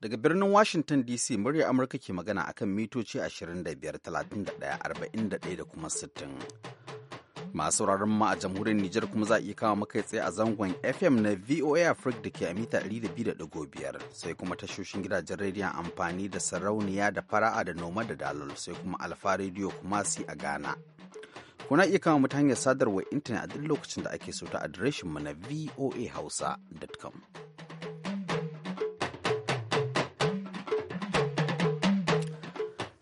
Daga birnin Washington DC murya Amurka ke magana akan mitoci 25, 31, 41 da kuma 60. masu sauraron ma a jamhuriyar Nijar kuma za a iya kama maka tsaye a zangon FM na VOA Africa da ke a mita 200.5 sai kuma tashoshin gidajen rediyon amfani da sarauniya da fara'a da noma da dalol sai kuma alfa rediyo kuma si a Ghana. Kuna iya kama mu ta hanyar sadarwar intanet a duk lokacin da ake so ta adireshin mu na voahausa.com.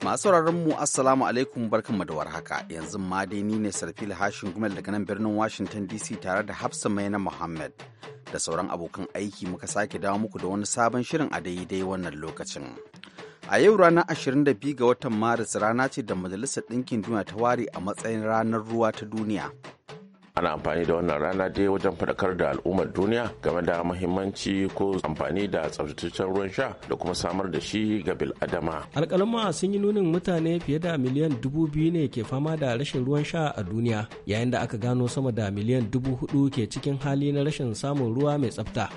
Masu sauraron mu Assalamu alaikum barkanmu da warhaka yanzu ma dai ni ne Sarfil Hashin Gumel daga nan birnin Washington DC tare da Hafsa Maina Muhammad da sauran abokan aiki muka sake dawo muku da wani sabon shirin a daidai wannan lokacin. A yau ranar 22 ga watan Maris rana ce da Majalisar Ɗinkin Duniya ta ware a matsayin ranar ruwa ta duniya. ana amfani da wannan rana dai wajen faɗakar da al'ummar duniya game da mahimmanci ko amfani da tsaftataccen ruwan sha da kuma samar da shi ga bil'adama. alƙalama sun yi nunin mutane fiye da miliyan dubu biyu ne ke fama da rashin ruwan sha a duniya yayin da aka gano sama da miliyan dubu hudu ke cikin hali na rashin samun ruwa mai tsafta.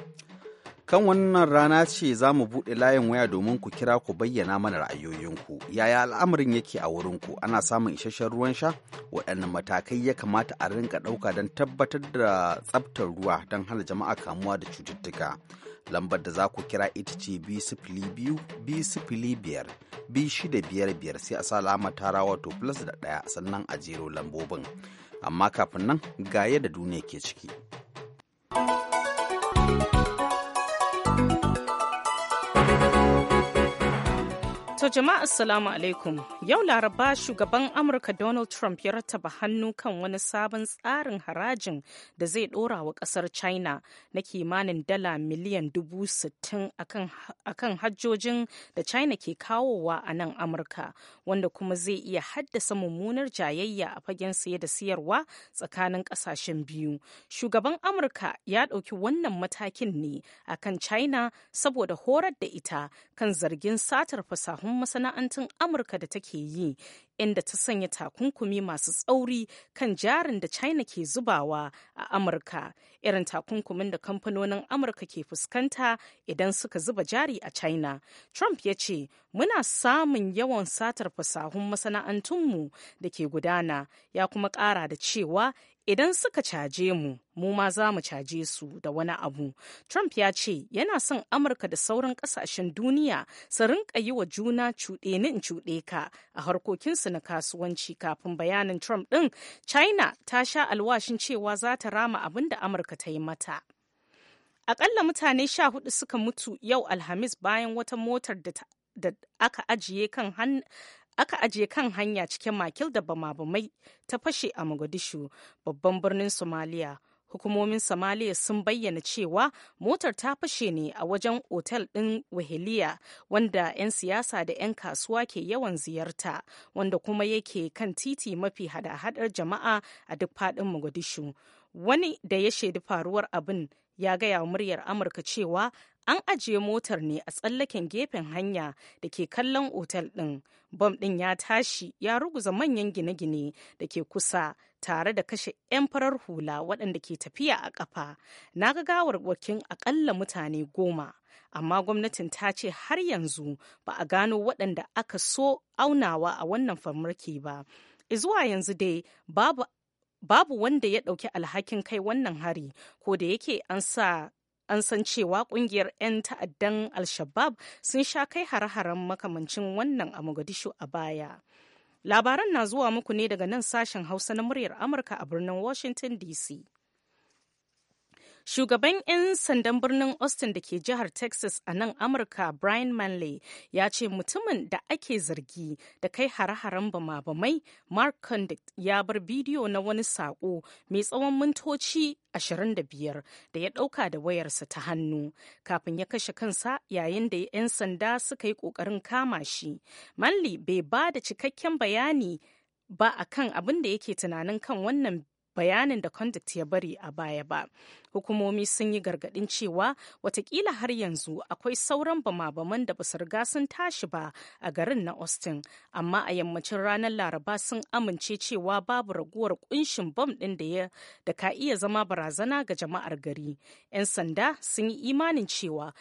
kan wannan rana ce za mu buɗe layin waya domin ku kira ku bayyana mana ra'ayoyinku yaya al'amarin yake a wurinku ana samun isasshen ruwan sha waɗannan matakai ya kamata a rinka ɗauka don tabbatar da tsabtar ruwa don hana jama'a kamuwa da cututtuka lambar da za ku kira ita ce b biyu b biyar b shida biyar biyar sai a sa alamar tara wato plus da ɗaya sannan a jero lambobin amma kafin nan ga yadda duniya ke ciki. wato jama'a assalamu alaikum. Yau Laraba shugaban Amurka Donald Trump ya rattaba hannu kan wani sabon tsarin harajin da zai dora wa kasar China na kimanin dala miliyan dubu sittin a kan hajjojin da China ke kawowa a nan Amurka wanda kuma zai iya haddasa mummunar jayayya a fagen saye da siyarwa tsakanin kasashen biyu. Shugaban Amurka ya ɗauki wannan matakin ne akan China saboda horar da ita kan zargin satar fasahun masana'antun amurka da take yi inda ta sanya takunkumi masu tsauri kan jarin da china ke zubawa a amurka irin takunkumin da kamfanonin amurka ke fuskanta idan suka zuba jari a china trump ya ce muna samun yawan satar fasahun masana'antunmu da ke gudana ya kuma kara da cewa idan suka caje mu mu ma za mu caje su da wani abu trump ya ce yana son amurka da sauran kasashen duniya su rinka yi wa juna cuɗe ni in cuɗe ka a harkokinsu na kasuwanci kafin bayanin trump ɗin china ta sha alwashin cewa za ta rama abin da amurka ta yi mata akalla mutane sha hudu suka mutu yau alhamis bayan wata motar da aka ajiye kan aka ajiye kan hanya cikin makil da bama-bamai ta fashe a mogadishu babban birnin somaliya hukumomin somaliya sun bayyana cewa motar ta fashe ne a wajen otel ɗin wahiliya wanda 'yan siyasa da 'yan kasuwa ke yawan ziyarta wanda kuma yake kan titi mafi hada-hadar jama'a a duk faɗin mogadishu wani da ya shaidi faruwar abin ya gaya wa muryar amurka cewa an ajiye motar ne a tsallaken gefen hanya da ke kallon otal ɗin bom ɗin ya tashi ya ruguza manyan gine-gine da ke kusa tare da kashe 'yan farar hula waɗanda ke tafiya a ƙafa na ga gawarwakin aƙalla mutane goma amma gwamnatin ta ce har yanzu ba a gano waɗanda aka so aunawa a wannan farmaki ba zuwa yanzu dai babu babu wanda ya ɗauki alhakin kai wannan hari ko da yake an sa an san cewa kungiyar 'yan ta'addan al-shabab sun sha kai hare-haren makamancin wannan a mogadishu a baya labaran na zuwa muku ne daga nan sashen hausa na muryar amurka a birnin washington dc Shugaban 'yan sandan birnin Austin da ke jihar Texas a nan Amurka Brian Manley ya ce mutumin da ake zargi da kai hare-haren bama-bamai Mark Condict ya bar bidiyo na wani sako mai tsawon mintoci 25 da ya dauka da wayarsa ta hannu kafin ya kashe kansa yayin da 'yan sanda suka yi kokarin kama shi. Manley bai ba da cikakken bayani ba a kan abin da yake tunanin kan wannan bayanin da conduct ya bari a baya ba hukumomi sun yi gargaɗin cewa watakila har yanzu akwai sauran bama-baman da basu riga sun tashi ba a garin na austin amma a yammacin ranar laraba sun amince cewa babu raguwar kunshin bam ɗin da ya ka iya zama barazana ga jama'ar gari 'yan sanda sun yi imanin cewa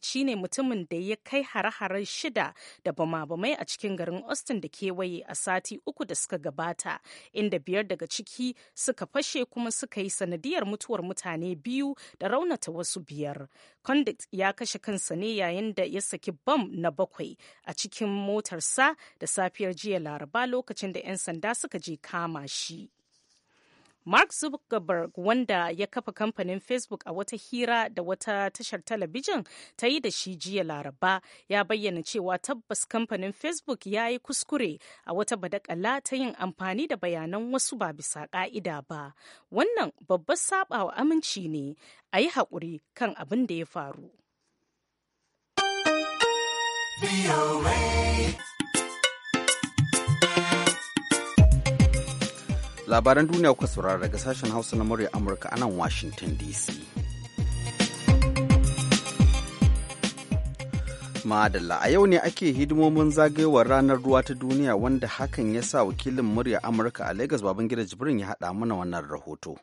ci ne mutumin da ya kai hare-hare shida da bama-bamai a cikin garin austin da kewaye a sati uku da suka gabata inda biyar daga ciki suka fashe kuma suka yi sanadiyar mutuwar mutane biyu da raunata wasu biyar. Condict ya kashe kansa ne yayin da ya saki bam na bakwai a cikin motarsa da safiyar jiya laraba lokacin da 'yan sanda suka je kama shi. Mark Zuckerberg wanda ya kafa kamfanin Facebook a wata hira da wata tashar talabijin ta yi da shi jiya Laraba ya bayyana cewa tabbas kamfanin Facebook ya yi kuskure a wata badakala ta yin amfani da bayanan wasu ba bisa ka'ida ba. Wannan babbar sabawa aminci ne a yi haƙuri kan abin da ya faru. labaran duniya kuka saurara daga sashen hausa na murya amurka a nan washington dc madalla a yau ne ake hidimomin zagayowar ranar ruwa ta duniya wanda hakan ya sa wakilin murya amurka a lagos babangida jibrin ya haɗa mana wannan rahoto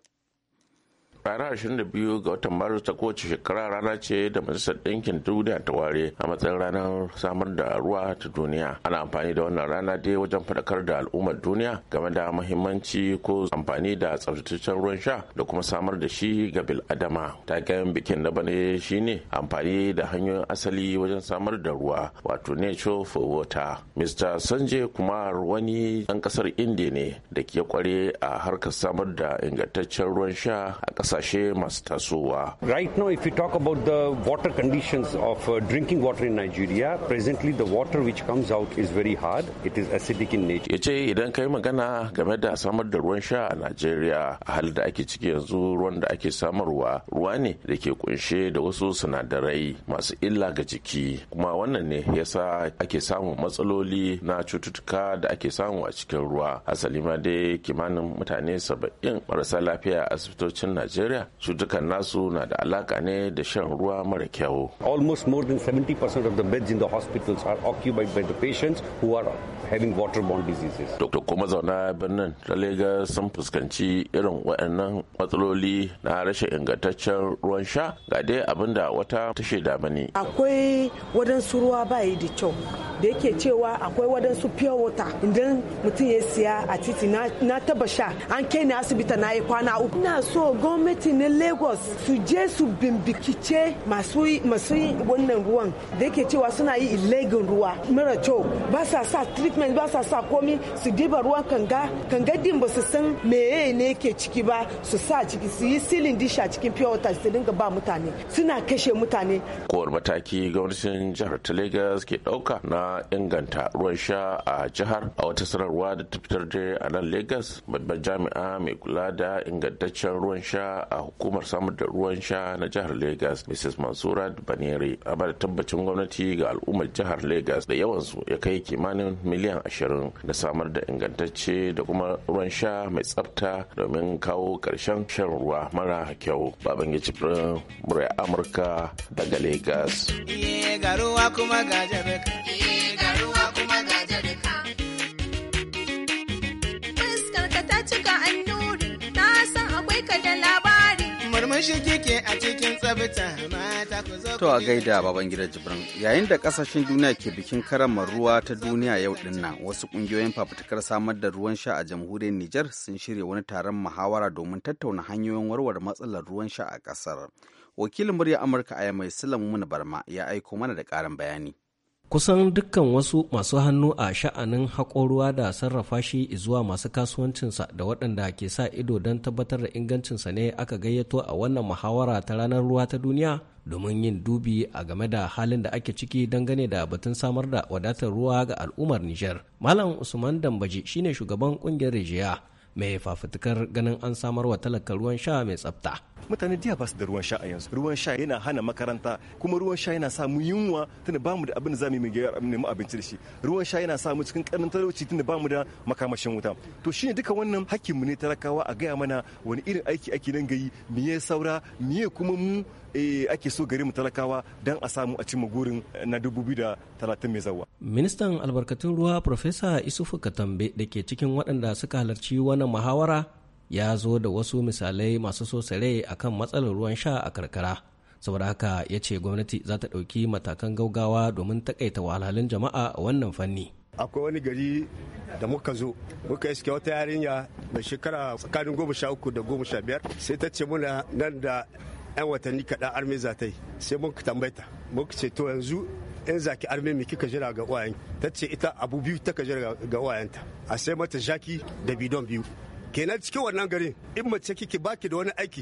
ranar 22 ga watan maris ta kowace shekara rana ce da majalisar ɗinkin duniya ta ware a matsayin ranar samar da ruwa ta duniya ana amfani da wannan rana dai wajen faɗakar da al'ummar duniya game da mahimmanci ko amfani da tsaftataccen ruwan sha da kuma samar da shi ga bil'adama taken bikin na bane shine amfani da hanyoyin asali wajen samar da ruwa wato nature for water mr sanjay kumar wani ɗan ƙasar indiya ne da ke kware a harkar samar da ingantaccen ruwan sha a ƙasar kasashe masu tasowa. Right now, if we talk about the water conditions of uh, drinking water in Nigeria, presently the water which comes out is very hard. It is acidic in nature. Yace idan kai magana game da samar da ruwan sha a Najeriya a halin da ake ciki yanzu ruwan da ake samarwa ruwa ne da ke kunshe da wasu sinadarai masu illa ga jiki kuma wannan ne yasa ake samun matsaloli na cututtuka da ake samu a cikin ruwa. Asali ma dai kimanin mutane saba'in marasa lafiya a asibitocin Najeriya Najeriya cutukan nasu na da alaka ne da shan ruwa mara kyau. Almost more than 70% of the beds in the hospitals are occupied by the patients who are having waterborne diseases. Dr. kuma zauna birnin ta Lagos sun fuskanci irin waɗannan matsaloli na rashin ingantaccen ruwan sha ga dai abin da wata ta shaida mani. Akwai wadansu ruwa bayi da kyau da yake cewa akwai wadansu pure water idan mutum ya siya a titi na taba sha an kai ni asibiti na yi kwana uku. Ina so gwamnati gwamnati na lagos su je su bimbikice masu masu wannan ruwan da yake cewa suna yi ilegin ruwa mara kyau ba sa sa treatment ba sa sa komi su diba ruwan kanga kanga din ba su san meye ne yake ciki ba su sa ciki su yi silin disha cikin pure water su dinga ba mutane suna kashe mutane kowar mataki gwamnatin jihar ta lagos ke dauka na inganta ruwan sha a jihar a wata sanarwa da ta fitar da a nan lagos babban jami'a mai kula da ingantaccen ruwan sha a hukumar samar da ruwan sha na jihar Legas Mrs. Mansura Banere a bada tabbacin gwamnati ga al'ummar jihar Legas da yawansu ya kai kimanin miliyan ashirin na samar da ingantacce da kuma ruwan sha mai tsafta domin kawo karshen shan ruwa mara kyau. Babangeji Firin Murai Amurka daga Legas. To a gaida baban gida Jibrin yayin da kasashen duniya ke bikin karamar ruwa ta duniya yau din wasu kungiyoyin fafutukar samar da ruwan sha a jamhuriyar Nijar sun shirya wani taron muhawara domin tattauna hanyoyin warware matsalar ruwan sha a kasar. Wakilin murya Amurka a mai Sulaimu Barma ya aiko mana da karin bayani. kusan dukkan wasu masu hannu a sha'anin haƙoruwa da sarrafa shi zuwa masu kasuwancinsa da waɗanda ke sa ido don tabbatar da ingancinsa ne aka gayyato a wannan muhawara ta ranar ruwa ta duniya domin yin dubi a game da halin da ake ciki dangane da batun samar da wadatar ruwa ga al'ummar Nijar. Malam Usman Dambaji shine shugaban ƙungiyar Rijiya mai fafutukar ganin an samar wa talakar ruwan sha mai tsafta. mutane diya ba su da ruwan sha a yanzu ruwan sha yana hana makaranta kuma ruwan sha yana sa mu yunwa tunda bamu da abin da zamu nemi abinci da shi ruwan sha yana sa mu cikin karamin talauci tunda bamu da makamashin wuta to shine duka wannan hakkin mu ne talakawa a gaya mana wani irin aiki ake nan gayi miye saura miye kuma mu eh, ake so gari mu talakawa don a samu a cimma gurin na da talatin mai zawa. Ministan albarkatun ruwa Profesa Isufu Katambe da ke cikin waɗanda suka halarci wannan muhawara ya zo da wasu misalai masu sosare a kan matsalar ruwan sha a karkara saboda haka ya ce gwamnati za ta ɗauki matakan gaugawa domin takaita wahalhalun jama'a a wannan fanni akwai wani gari da muka zo muka iske wata yarinya mai shekara tsakanin goma sha uku da goma sha biyar sai ta ce muna nan da 'yan watanni kaɗan armi za ta yi sai muka tambaita muka ce to yanzu yan zaki arme mai kika jira ga uwayen ta ce ita abu biyu ta ka jira ga uwayenta a sai mata jaki da bidon biyu kenan cikin wannan gari in mace kike baki da wani aiki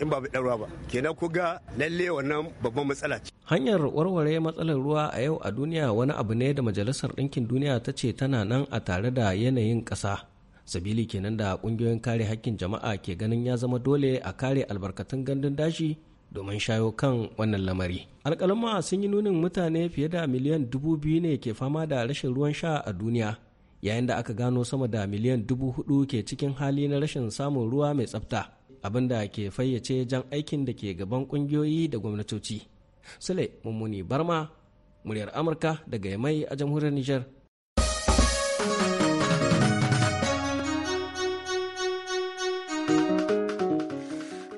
in ba ɗan ruwa ba kenan ku ga lalle wannan babban matsala ce hanyar warware matsalar ruwa a yau a duniya wani abu ne da majalisar ɗinkin duniya ta ce tana nan a tare da yanayin ƙasa sabili kenan da ƙungiyoyin kare haƙƙin jama'a ke ganin ya zama dole a kare albarkatun gandun dashi domin shayo kan wannan lamari alƙalama sun yi nunin mutane fiye da miliyan dubu biyu ne ke fama da rashin ruwan sha a duniya yayin da aka gano sama da miliyan dubu hudu ke cikin hali na rashin samun ruwa mai tsafta abin da ke fayyace jan aikin da ke gaban kungiyoyi da gwamnatoci sule mummuni barma muryar amurka daga yamai a jamhuriyar niger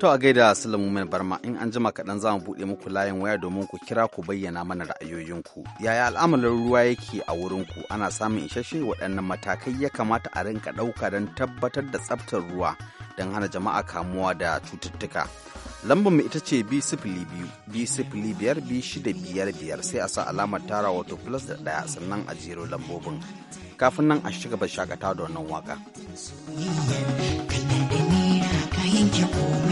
To a gaida Sulaimu Mai Barma in an jima kaɗan za mu buɗe muku layin waya domin ku kira ku bayyana mana ra'ayoyinku. Yaya al'amuran ruwa yake a wurinku ana samun isasshe waɗannan matakai ya kamata a rinka ɗauka don tabbatar da tsaftar ruwa don hana jama'a kamuwa da cututtuka. Lambar mu ita ce b sifili biyu b sifili biyar b shida biyar biyar sai a sa alamar tara wato plus da ɗaya sannan a jero lambobin. Kafin nan a shiga ba shakata da wannan waka. Yeah.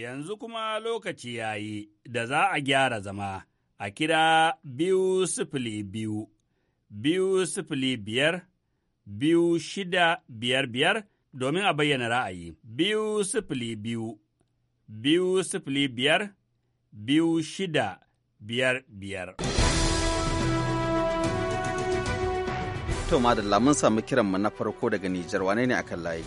Yanzu kuma lokaci ya yi da za a gyara zama a kira biyu sifili biyu, biyu sifili biyar, biyu shida biyar biyar domin a bayyana ra'ayi. Biyu sifili biyu, biyu sifili biyar, biyu shida biyar biyar. To, madalla mun samu kiranmu na farko daga Nijar wane ne kan layi?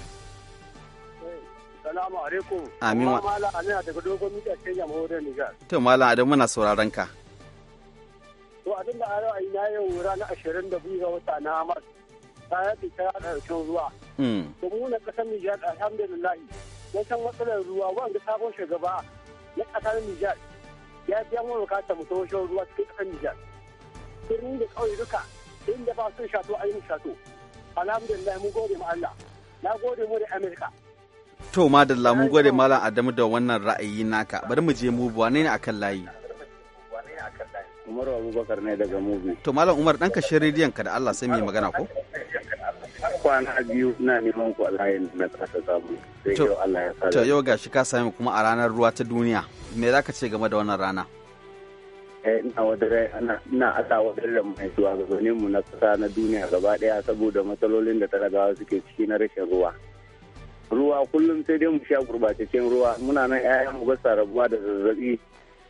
Assalamu alaikum. Amin Malam daga dogon mita ce jamhuriyar Nijar. To Malam Adamu muna sauraron ka. To abin da a na yau ranar ashirin da biyu ga wata na Mars. Ta yi ta ruwa. Hmm. To mu na ƙasar Nijar alhamdulillah. Mun san matsalar ruwa wanda sabon shugaba na ƙasar Nijar ya biya mu bukatar mu tawashin ruwa cikin ƙasar Nijar. Birni da ƙauye duka inda ba sun shato ayin shato. Alhamdulillah mun gode mu Allah. Na gode mu da Amerika. To madalla mun gode malam Adamu da wannan ra'ayi naka. Bari mu je mu wane ne akan layi? Umar Abubakar ne daga Mubi. To malam Umar dan ka rediyon ka da Allah sai mai magana ko? Kwana biyu na neman ku layin na kasa samu. To Allah ya sa. To yau gashi ka sami kuma a ranar ruwa ta duniya. Me zaka ce game da wannan rana? Eh, ina wadare ina asa wadare da mai mu na kasa na duniya gaba daya saboda matsalolin da talagawa suke ciki na rashin ruwa. ruwa kullum sai dai mu sha gurbataccen ruwa muna nan 'ya'yan mu basa rabuwa da zazzabi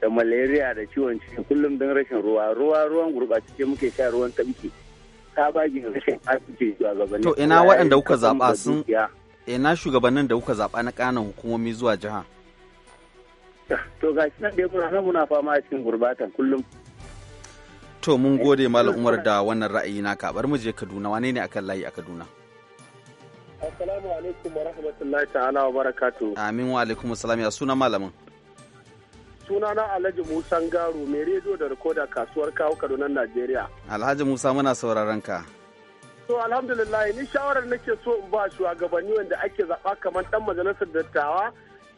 da malaria da ciwon ciki kullum don rashin ruwa ruwa ruwan gurbataccen muke sha ruwan tabki ka bagi rashin asibiti zuwa gabanin to ina waɗanda kuka zaɓa sun ina shugabannin da kuka zaɓa na ƙananan hukumomi zuwa jiha to ga shi nan dai muna nan muna fama a cikin gurbatan kullum to mun gode malam eh, umar da wannan ra'ayi naka kabar mu je kaduna wane ne akan layi a kaduna Assalamu alaikum wa rahmatullahi ta'ala wa barakatu. Amin wa alaikum ya suna malamin. Suna na Alhaji Musa garu mai rediyo da rikoda kasuwar kawo Kaduna Najeriya. Alhaji Musa muna sauraron ka. To alhamdulillah ni shawarar nake so in ba shugabanni wanda ake zaba kamar ɗan majalisar dattawa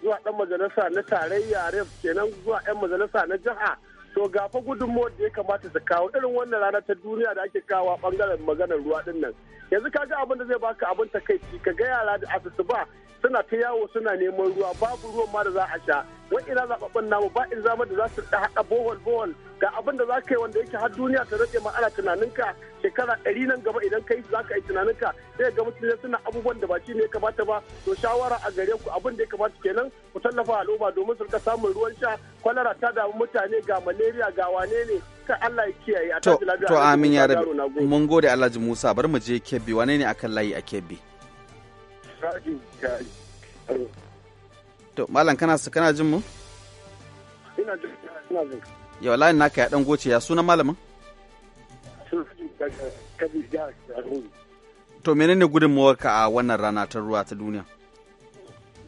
zuwa ɗan majalisa na tarayya ref kenan zuwa yan majalisa na jiha to ga fa gudunmuwar da ya kamata su kawo irin wannan rana ta duniya da ake kawo a bangaren maganar ruwa din nan yanzu ka ga abin da zai baka abin takaici ka ga yara da asusu ba suna ta yawo suna neman ruwa babu ruwan ma da za a sha ina zababban namu ba in zama da za su haɗa bohol bohol ga abin da za ka yi wanda yake har duniya ta rage ma ana tunaninka shekara ɗari nan gaba idan kai za ka yi tunaninka sai ga mutane suna abubuwan da ba shi ne ya kamata ba to shawara a gare ku abin da ya kamata kenan ku tallafa al'umma domin su rika samun ruwan sha kwalara ta damu mutane ga malaria ga wane ne ka Allah ya kiyaye a tafi lafiya to amin ya rabi mun gode Alhaji Musa bar mu je Kebbi wane ne akan layi a Kebbi To, Malam kana su kana jin mu? Ina jin ina jin. Yau layin naka ya ɗan goce ya sunan malamin? To menene gudunmawar ka a wannan rana ta ruwa ta duniya?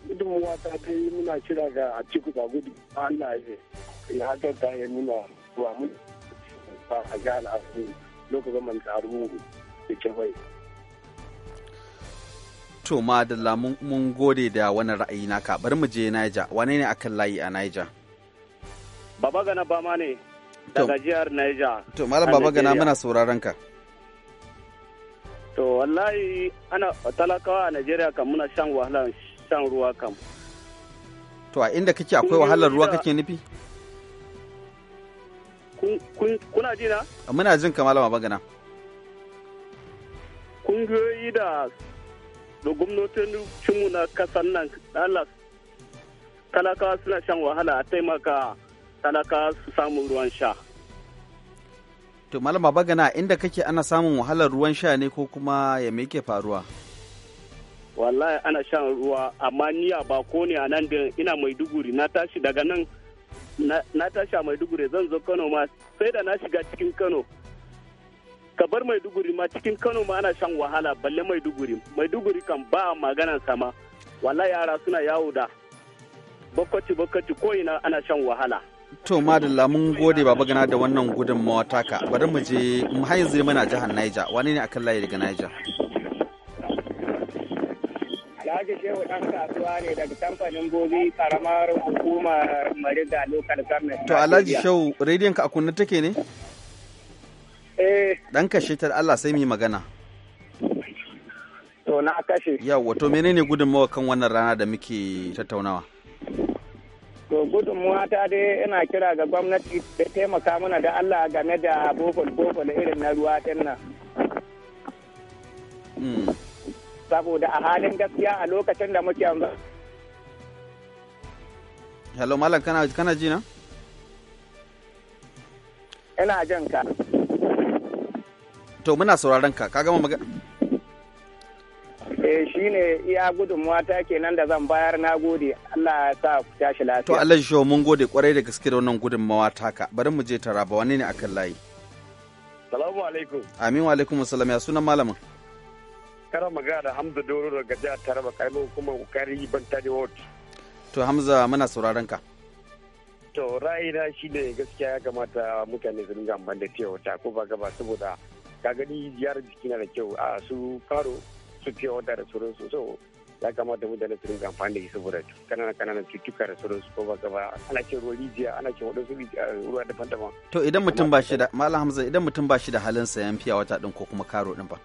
Gudunmawa ta ta yi muna kira ga a cikin ga gudu Allah ya ya haka ta yi muna ruwa mun ba a ga al'adu lokacin man ta ruwa da bai. To ma da mun gode da wani ra'ayi naka bari mu je Niger wane ne akan layi a Niger? Baba gana bama ne daga jihar Niger. To malam baba gana muna sauraron ka. To wallahi ana talakawa a nigeria kan muna shan wahalar shan ruwa kam. To a inda kake akwai wahalar ruwa kake nufi? Kuna jina? Muna jin ka malam baba gana. Kungiyoyi da da gwamnatocinmu na kasar nan Allah talakawa suna shan wahala a taimaka talakawa su samu ruwan sha. To bagana Babagana inda kake ana samun wahalar ruwan sha ne ko kuma ya me ke faruwa? Wallahi ana shan ruwa amma niya ba ko ne a nan da ina Maiduguri na tashi daga nan na tashi a Maiduguri zan zo Kano ma sai da na shiga cikin Kano ka bar maiduguri ma cikin kano ma ana shan wahala balle maiduguri maiduguri kan ba maganan sama wala yara suna yawo da bakwaci bakwaci ko ina ana shan wahala to madalla mun gode baba gana da wannan gudunmawa taka bari mu je mu haizu mana jihar Niger wani ne akan layi daga Niger Alhaji Shehu ɗan kasuwa ne daga kamfanin gobe karamar hukumar Mariga Local Government. To Alhaji Shehu, rediyon ka a kunne take ne? Eh. Dan kashe ta Allah sai mu yi magana. To na kashe. Yawwa to menene gudunmawa kan wannan rana da muke tattaunawa? To gudunmawa ta dai ina kira ga gwamnati da taimaka mana da Allah game da bofol bofol irin na ruwa din nan. Hmm. Saboda a halin gaskiya a lokacin da muke yanzu. Hello Malam kana kana ji na? Ina jin ka. to muna sauraron ka ka gama magana eh shine iya gudunmuwa ta kenan da zan bayar na gode Allah ya sa ku tashi lafiya to Allah shi mun gode kwarai da gaske da wannan gudunmuwa taka bari mu je taraba wani ne akan layi salamu alaikum amin wa alaikum salam ya sunan malamin kana magana da Hamza Doro daga jihar Taraba kaimu kuma kokari ban ta da wot to Hamza muna sauraron ka to ra'ayina shine gaskiya ya kamata mutane su dinga amfani da tewa ta ko ba gaba saboda ka gani ziyarar jiki na da kyau a su karo su fiye wata da su so ya kamata mutane su rinka amfani da shi saboda kanana kananan cututtuka da su ko ba gaba ana ce ruwa rijiya ana ce wadansu eh, ruwa daban daban to idan mutum ba shi da malam hamza idan mutum ba shi da halin sayan fiya wata din ko kuma karo din ba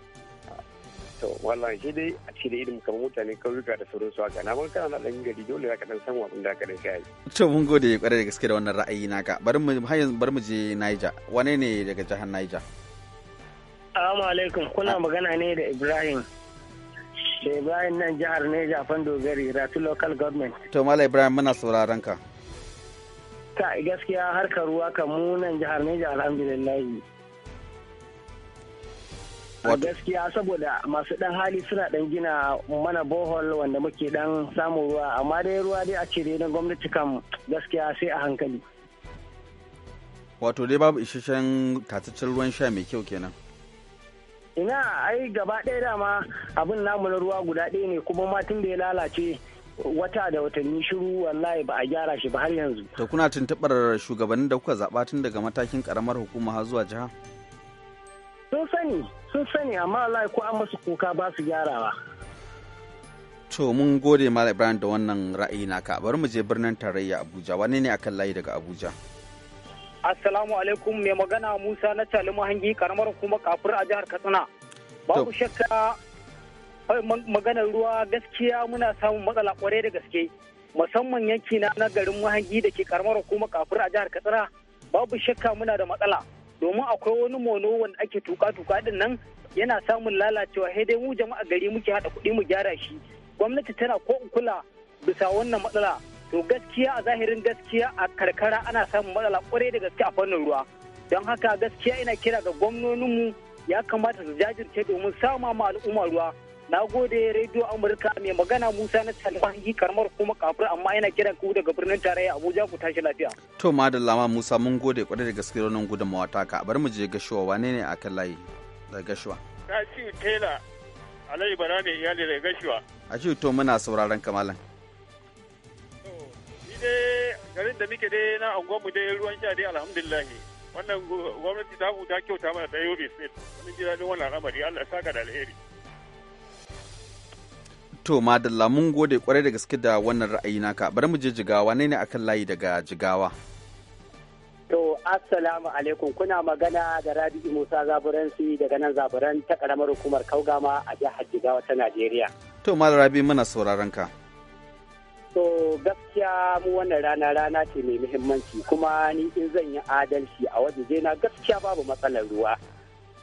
to wallahi shi dai a cire da irin kamar mutane kauyuka da sauransu haka na ban kana dan gari dole ya ka san abin da ka dan shayi to mun gode kwarai da gaske da wannan ra'ayi naka bari mu bari mu je Niger wane ne daga jihar Niger Assalamu alaikum kuna ah. magana ne da Ibrahim. Da Ibrahim nan jihar Neja Dogari Ratu Local Government. To Mala Ibrahim muna sauraron ka. Ta gaskiya harkar ruwa kan mu nan jihar Neja alhamdulillah. A gaskiya saboda masu dan hali suna dan gina mana bohol wanda muke dan samun ruwa amma dai ruwa dai a cire na gwamnati kan gaskiya sai a hankali. Wato dai babu isasshen tataccen ruwan sha mai kyau kenan. ina ai gaba ɗaya dama abin namu na ruwa guda ɗaya ne kuma tun da ya lalace wata da watanni shiru wallahi ba a gyara shi ba har yanzu da kuna tuntuɓar shugabannin da kuka zaɓa tun daga matakin ƙaramar hukuma har zuwa jiha sun sani sun sani amma wallahi ko an masu kuka ba su gyarawa to mun gode malam ibrahim da wannan ra'ayi naka bari mu je birnin tarayya abuja wani ne akan layi daga abuja Assalamu alaikum mai magana Musa na Cali Mahangi karamar kuma kafur a jihar Katsina. Babu shakka eh, maganar ruwa gaskiya muna samun matsala kwarai da gaske. Musamman yanki na na garin Mahangi da ke karamar kuma kafur a jihar Katsina. Babu shakka muna da matsala. Domin akwai wani mono wanda ake tuka-tuka din nan yana samun lalacewa sai dai mu jama'a gari muke haɗa kuɗi mu gyara shi. Gwamnati tana ko kula bisa wannan matsala to gaskiya a zahirin gaskiya a karkara ana samun matsala kwarai da gaske a fannin ruwa don haka gaskiya ina kira ga gwamnoninmu ya kamata su jajirce domin sama ma al'umma ruwa na gode rediyo amurka mai magana musa na yi karamar kuma kafir amma ina kiran ku daga birnin tarayya abuja ku tashi lafiya to madalla ma musa mun gode kwarai da gaske wannan gudunmawa taka bari mu je gashuwa wane ne a kan layi da gashuwa tasiu tela alai bara ne iyali da gashuwa a to muna sauraron kamalan To garin da muke ta kyauta mun gode kwarai da gaske da wannan ra'ayi naka bari mu je jigawa ne ne akan layi daga jigawa to assalamu alaikum kuna magana da rabi'u musa zaburansi daga nan zaburan ta karamar hukumar kaugama a jihar jigawa ta najeriya to malam rabi muna sauraron ka so gaskiya mu wannan rana rana ce mai muhimmanci kuma ni in zan yi adalci a waje na gaskiya babu matsalar ruwa.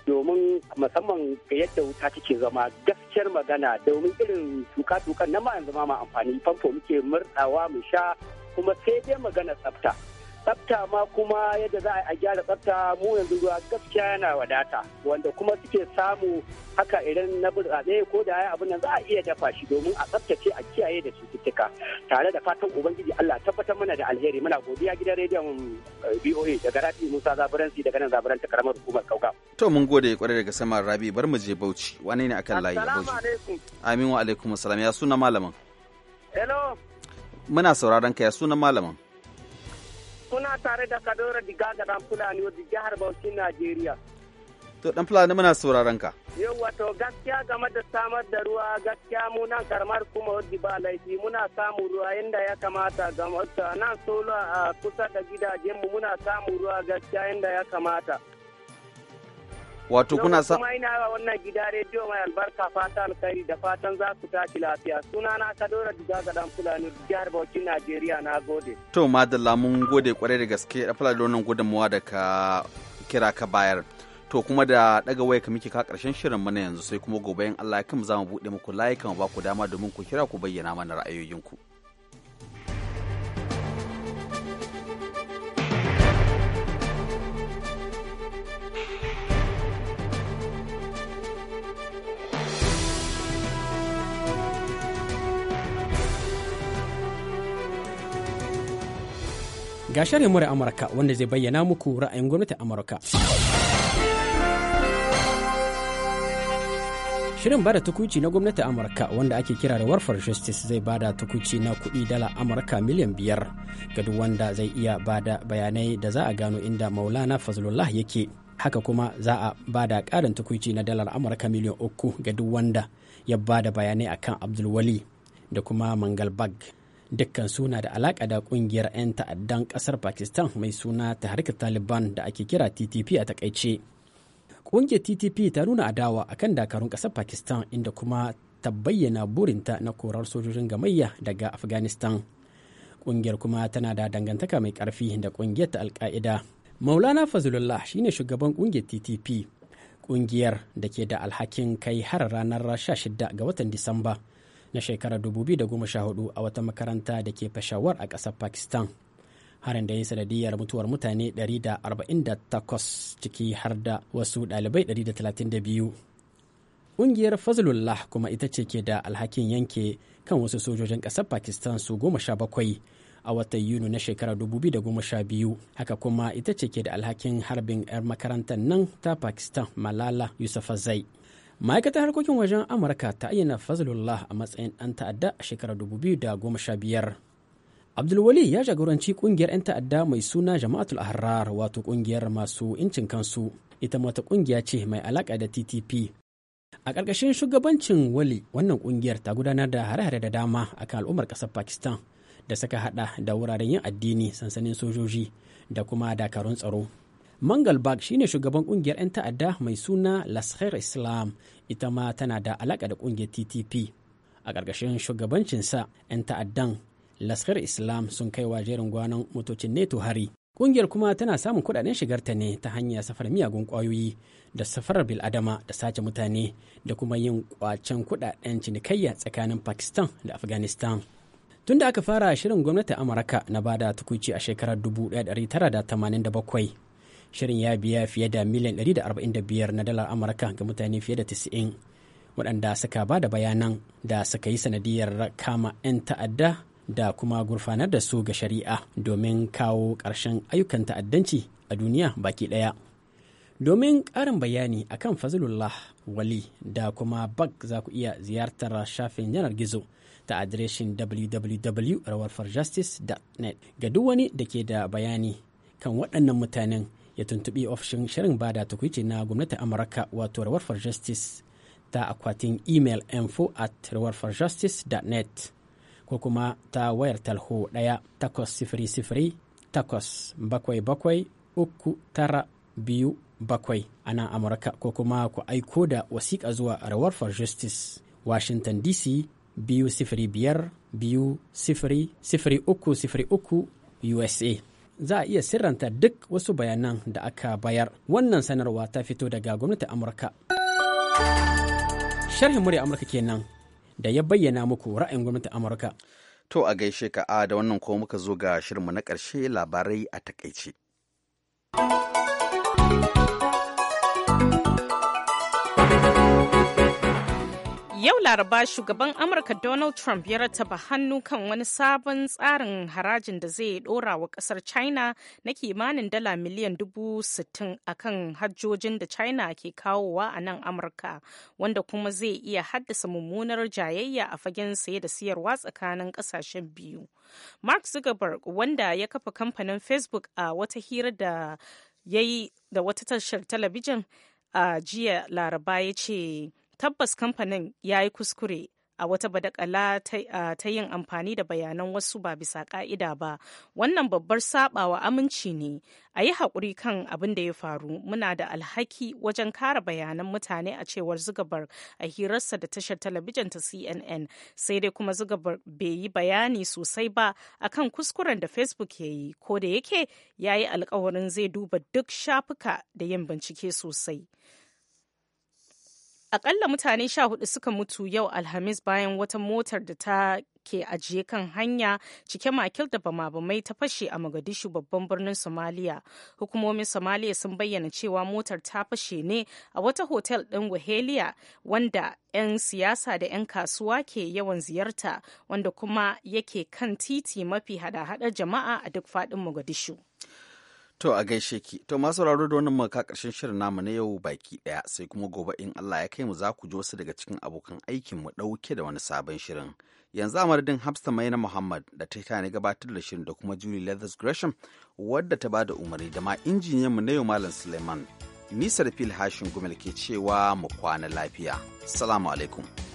Domin musamman ga yadda wuta take zama gaskiyar magana domin irin tuka-tukan na ma zama ma amfani famfo muke murɗawa mu sha kuma sai dai magana tsafta. tsafta ma kuma yadda za a gyara tsafta mu yanzu ruwa gaskiya yana wadata wanda kuma suke samu haka idan na burtsatse ko da ya abin nan za a iya dafa shi domin a tsaftace a kiyaye da cututtuka tare da fatan ubangiji Allah tabbatar mana da alheri muna godiya gidan rediyon eh, BOA daga Rabi Musa Zaburansi daga nan Zaburan karamar hukumar Kauka to mun gode kwarai daga sama Rabi bar mu je Bauchi wane ne akan layi Bauchi amin wa alaikum assalam ya suna malamin hello muna sauraron ka ya suna malamin Kuna tare da Kadora Diga ga dan Fulani wadda jihar Bauchi Najeriya. To dan Fulani muna sauraron ka. Yawwa to gaskiya game da samar da ruwa gaskiya mu nan karamar kuma wadda ba laifi muna samun ruwa yanda ya kamata ga nan solo a kusa da gidajenmu muna samun ruwa gaskiya yanda ya kamata. wato kuna sa kuma ina wannan gida rediyo mai albarka fata alkhairi da fatan za ku tashi lafiya sunana kadora diga ga dan fulani jihar bauchi najeriya na gode to madalla mun gode kwarai da gaske da fulani wannan gudunmuwa da ka kira ka bayar to kuma da daga waya ka miki ka karshen shirin mana yanzu sai kuma gobe in Allah ya mu za mu bude muku layukan ba ku dama domin ku kira ku bayyana mana ra'ayoyinku. ku Ga shirin Amurka wanda zai bayyana muku ra'ayin gwamnatin Amurka. Shirin bada tukuci na gwamnatin Amurka wanda ake kira da Warfar Justice zai bada tukuci na kuɗi dala Amurka miliyan biyar ga duk wanda zai iya bada bayanai da za a gano inda Maulana Fazlullah yake. Haka kuma za a bada ƙarin tukuci na dalar Amurka miliyan uku ga duk wanda ya bada bayanai akan Abdulwali da kuma Mangalbag. dukkan suna da alaƙa da ƙungiyar 'yan ta'addan ƙasar pakistan mai suna ta harkar taliban da ake kira ttp a takaice ƙungiyar ttp ta nuna adawa a kan dakarun ƙasar pakistan inda kuma ta bayyana burinta na korar sojojin gamayya daga afghanistan ƙungiyar kuma tana da dangantaka mai ƙarfi da ƙungiyar ta alƙa'ida. maulana fazlullah shine shugaban ƙungiyar ttp ƙungiyar da ke da alhakin kai har ranar 16 ga watan disamba na shekarar 2014 a wata makaranta da ke fashawar a ƙasar pakistan harin da ya sanadiyar mutuwar mutane 148 ciki har da wasu ɗalibai 132 ƙungiyar fazlullah kuma ita ce ke da alhakin yanke kan wasu sojojin ƙasar pakistan su 17 a watan yuni na shekarar 2012 haka kuma ita ce ke da alhakin harbin 'yar makarantar nan ta pakistan malala yusufazai ma'aikatar harkokin wajen amurka ta ayyana fazlullah a matsayin ɗan ta'adda a shekarar biyar abdulwali ya jagoranci kungiyar 'yan ta'adda mai suna jama'atul ahrar wato kungiyar masu incin kansu ita mata kungiya ce mai alaka da ttp a ƙarƙashin shugabancin wali wannan kungiyar ta gudanar da hare-hare da dama kan al'ummar ƙasar pakistan da suka haɗa da wuraren yin addini sansanin sojoji da kuma dakarun tsaro Mangalbag shine shugaban kungiyar 'yan ta'adda mai suna Laskhar Islam ita ma tana da alaka da kungiyar TTP. A ƙarƙashin sa 'yan ta'addan Laskhar Islam sun kai wa jerin gwanon motocin neto hari. Kungiyar kuma tana samun kuɗaɗen shigarta ne ta hanyar safar miyagun kwayoyi da safarar bil'adama da sace mutane da kuma yin ƙwacen kuɗaɗen cinikayya tsakanin Pakistan da Afghanistan. tun da aka fara shirin gwamnatin amurka na bada tukuci a shekarar 1987 shirin ya biya fiye da miliyan 145 na dalar amurka ga mutane fiye da 90 waɗanda suka ba da bayanan da suka yi sanadiyar kama 'yan ta'adda da kuma gurfanar da su ga shari'a domin kawo ƙarshen ayyukan ta'addanci a duniya baki ɗaya domin ƙarin bayani akan fazlullah wali da kuma bak za ku iya ziyartar shafin yanar gizo ta adireshin www.rawarforjustice.net ga duk wani da ke da bayani kan waɗannan mutanen ya tuntubi ofishin shirin bada tukwice na gwamnati amurka wato rewarfar justice ta akwatin email info at rewarfarjustice.net ko kuma ta wayar talho ɗaya takwas sifiri sifiri takwas bakwai bakwai uku tara biyu bakwai a nan amurka ko kuma ku aiko da wasiƙa zuwa rawarfar justice washington dc biyu sifiri biyar biyu sifiri sifiri uku sifiri uku usa za a iya sirranta duk wasu bayanan da aka bayar. Wannan sanarwa ta fito daga gwamnatin Amurka. Sharhin murya Amurka kenan da ya bayyana muku ra'ayin gwamnatin Amurka. To a gaishe ka a da wannan ko muka zo ga shirinmu na ƙarshe labarai a takaice. Yau Laraba shugaban Amurka Donald Trump ya rattaba hannu kan wani sabon tsarin harajin da zai dora wa kasar China na kimanin dala miliyan dubu sittin a kan hajjojin da China ke kawowa a nan Amurka, wanda kuma zai iya haddasa mummunar jayayya a fagen saye da siyarwa tsakanin kasashen biyu. Mark Zuckerberg, wanda ya kafa kamfanin Facebook a wata hira da ya yi da wata tashar talabijin a jiya Laraba ya ce. tabbas kamfanin ya yi kuskure a wata badakala ta yin amfani da bayanan wasu ba bisa ka'ida ba wannan babbar sabawa aminci ne a yi haƙuri kan abin da ya faru muna da alhaki wajen kara bayanan mutane a cewar zugabar a hirarsa da tashar talabijin ta cnn sai dai kuma zugabar bai yi bayani sosai ba akan kuskuren da facebook ya yi ko da yake ya yi alkawarin zai duba duk shafuka da yin bincike sosai Akalla mutane sha hudu suka mutu yau Alhamis bayan wata motar da ta ke ajiye kan hanya cike makil da bama-bamai ta fashe a magadishu babban birnin Somalia. Hukumomin Somalia sun bayyana cewa motar ta fashe ne a wata hotel ɗin Wahelia wanda 'yan siyasa da 'yan kasuwa ke yawan ziyarta wanda kuma yake kan titi mafi hada-hada jama'a a duk faɗin magadishu. To a gaishe ki, to masu sauraro da wannan maka karshen shirin namu na yau baki ɗaya sai kuma gobe in Allah ya kai mu za ku ji wasu daga cikin abokan aikin mu ɗauke da wani sabon shirin. Yanzu a madadin Hafsa Maina Muhammad da ta ta tani gabatar da shirin da kuma Julie Leathers Gresham wadda ta bada umarni da ma injiniyan mu na yau Malam Suleiman. Nisar Phil Hashin Gumel ke cewa mu kwana lafiya. Salamu alaikum.